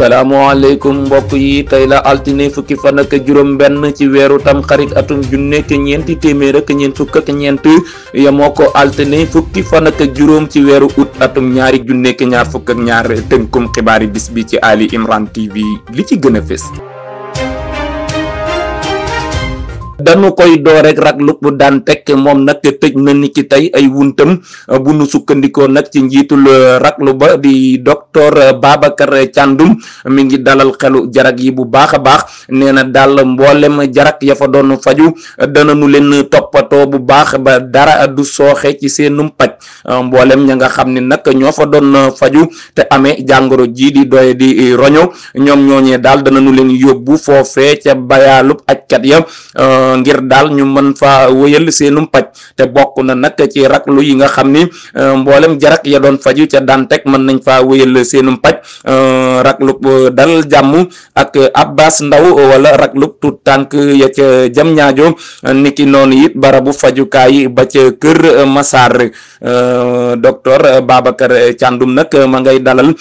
salaamaaleykum mbokk yi tey la altine fukki fan ak juróom benn ci weeru tam atum junne ak ñeenti téeméer ak ñeent fukk ak ñeent yemoo ko altine fukki fan ak juróom ci weeru août atum ñaari junne ak ñaar fukk ak ñaar tënkum xibaari bis bi ci Ali Imran TV li ci gën a dañu koy door rek raglu bu daan tekk moom nag tëj na ni ki tey ay wuntam euh, bu nu sukkandikoo nag ci njiitul euh, raglu ba di doktoor euh, Babacar Thiandoum mu ngi dalal xelu jarak yi bu baax a baax nee na daal mboolem jarak ya fa doon faju danañu leen toppatoo bu baax ba dara du sooxee ci seenum paj mboolem ña nga xam ne nag ñoo fa doon faju te amee jàngoro jii di doye di roño ñoom ñooñee daal danañu leen yóbbu foofee ca bayaalub ajkat ya ngir daal ñu mën faa wëyal seenum paj te bokk na nag ci raglu yi nga xam ni euh, mboolem jarak ya doon faju ca daan teg mën nañ faa wëyal seenum paj euh, raglu euh, dal jàmm ak abbas ndaw wala raglu tut tànk ya ca jam ñaajo niki noonu it barabu fajukaay ba ca kër Massar docteur Babacar Thiandoum nag ma ngay dalal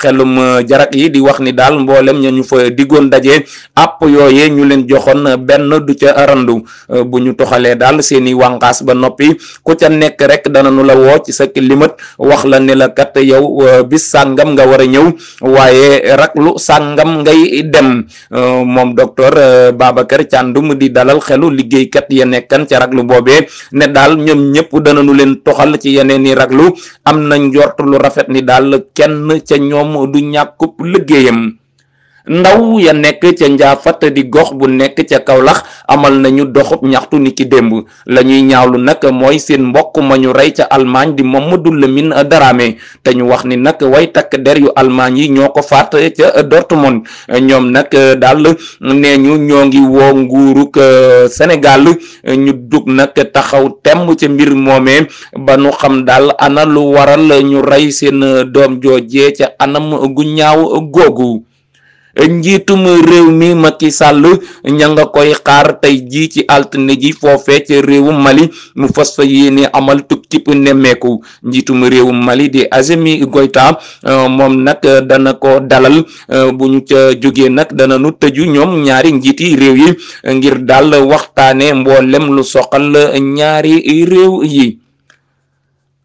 xelum jarak yi di wax ni daal mboolem ña ñu fa diggoon daje àpp yooye ñu leen joxoon benn du ca berandu euh, bu ñu toxalee daal seen i wànqaas ba noppi ku ca nekk rek dana nu la woo ci sa kilimat wax la ne la kat yow euh, bi sàngam nga war a ñëw waaye raklu sàngam ngay dem euh, moom docteur Babacar Thiandoum di dalal xelu liggéeykat ya nekkan ca raglu boobee ne daal ñoom ñëpp dana nu leen toxal ci yeneen i raglu am na njort lu rafet ni daal kenn ca ñoom du ñàkkub liggéeyam ndaw ya nekk ca njaafat di gox bu nekk ca kawlax amal nañu doxub ñaxtu ni ki démb la ñuy lu nag mooy seen mbokk ma ñu rey ca almaañ di Mamadou Lamine Dramé te ñu wax ni nag way takk der yu almaañ yi ñoo ko faat ca Dortmund ñoom nag daal nee ñu ñoo ngi woo nguurug euh, Sénégal ñu dug nag taxaw temm ca mbir moomee ba nu xam daal ana lu waral ñu rey seen euh, doom joojee ca anam gu ñaaw googu njiitum réew mi Macky Sall ña nga koy xaar tey jii ci altine ji foofee ca réewum Mali mu fas fa yéene amal tub cib nemmeeku njiitum réewum Mali di Assimi Goïta euh, moom nag dana ko dalal euh, bu ñu ca jógee nag dana nu tëju ñoom ñaari njiiti réew yi ngir daal waxtaane mboolem lu soxal ñaari réew yi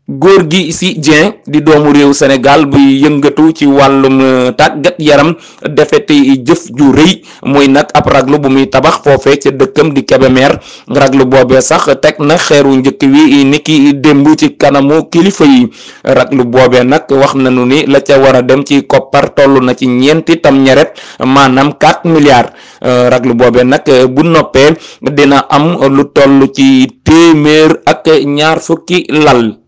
góor gi si Dieng di doomu réew senegal buy yëngatu ci wàllum euh, tàggat yaram defete jëf ju rëy muy nag ab raglu bu muy tabax foofe ca dëkkam di Kébémer raglu boobe sax teg na xeeru njëkk wi ni ki démb ci kanamu kilifa yi raglu boobe nag wax nañu ni la ca war a dem ci koppar toll na ci ñeenti tam ñeret maanaam 4 milliards euh, raglu boobe nag euh, bu noppee dina am lu toll ci téeméer ak ñaar fukki lal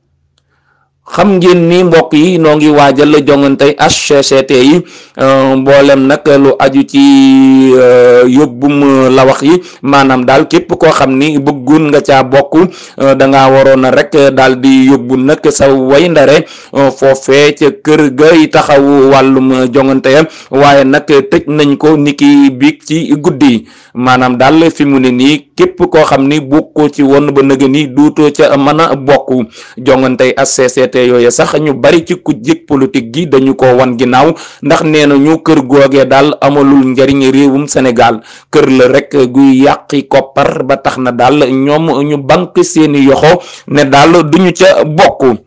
xam ngeen ni mbokk yi noo ngi waajal jongante HCCT yi euh, mboolem nag lu aju ci euh, yóbbum la wax yi maanaam daal képp koo xam ni bëggoon nga caa bokk euh, da ngaa waroon a rek daal di yóbbu nag sa way ndare foofee ca kër gay yi taxawu wàllum jongante ya waaye nag tëj nañ ko niki biig ci guddi maanaam daal fi mu nii képp koo xam ni bokkoo ci woon ba nëgë ni duutoo ca mën a bokk jongantey HCCT yooyu sax ñu bari ci ku jëkk politique gi dañu ko wan ginnaaw ndax nee na ñu kër googee daal amalul njariñ réewum senegal kër la rek guy yàqi koppar ba tax na daal ñoom ñu banque seeni yoxo ne daal duñu ca bokk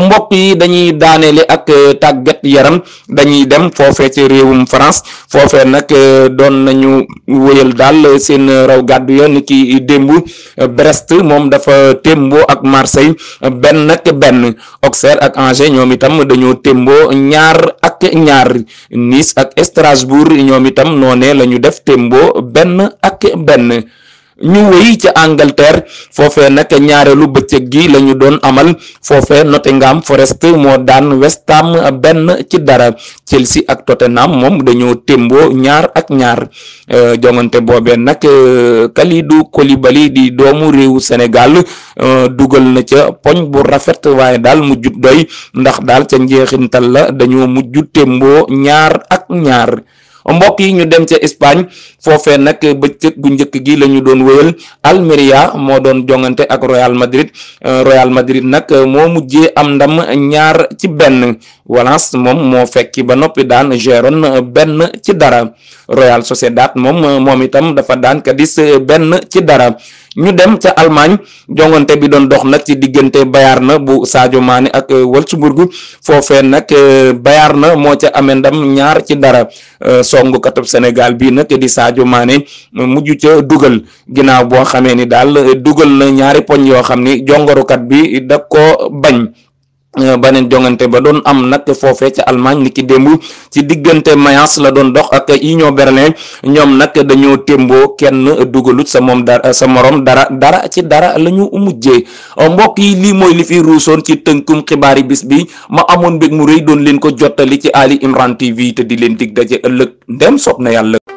mbokk yi dañuy daaneele ak euh, tàggat yaram dañuy dem foofee ci réewum France foofe nag euh, doon nañu woyal daal seen raw gàddu ya ni ki démb euh, Brest moom dafa témboo ak Marseille benn ak benn Auxerre ak Angers ñoom itam dañoo témboo ñaar ak ñaar Nice ak Strasbourg ñoom itam noonee lañu def témboo benn ak benn ñu wéy ca Angleterre foofe nag ñaareelu bëccëg gi lañu doon amal foofee Nottingham Forest moo daan West Ham benn ci dara Chelsea ak Tottenham moom dañoo témboo ñaar ak ñaar euh, jongante boobee nag euh, Kalidou Koulibaly di doomu réewu Sénégal euh, dugal na ca poñ bu rafet waaye daal mujj doy ndax daal ca njeexintal la dañoo mujj témboo ñaar ak ñaar mbokk yi ñu dem ca Espagne foofe nag bëccëg gu njëkk gi la doon wéyal Almeria moo doon jongante ak Real Madrid euh, Real Madrid nag moo mujjee am ndam ñaar ci benn Valence moom moo fekki ba noppi daan Gérone benn ci dara Real Sociedad moom moom itam dafa daan Cadiz benn ci dara ñu dem ca almaañ jongante bi doon dox nag ci diggante na bu Sadio maani ak euh, Wolfsburg foofee nag euh, na moo ca amee ndam ñaar ci dara euh, songu katub Sénégal bii nag di Sadio maani mujj ca dugal ginnaaw boo xamee ni daal dugal na ñaari poñ yoo xam ni jongorukat bi da ko bañ Euh, baneen jongante ba doon am nag foofee ca Allemagne ki démb ci diggante Mayence la doon dox ak Union Berlin ñoom nag dañoo témboo kenn dugalut sa moom dara sa morom dara dara ci dara la ñu mujjee euh, mbokk yi lii mooy li fi ruusoon ci tënkum xibaari bis bi ma amoon mbég mu rëy doon leen ko jottali ci Ali Imran TV te di leen dig daje ëllëg ndem soob na yàlla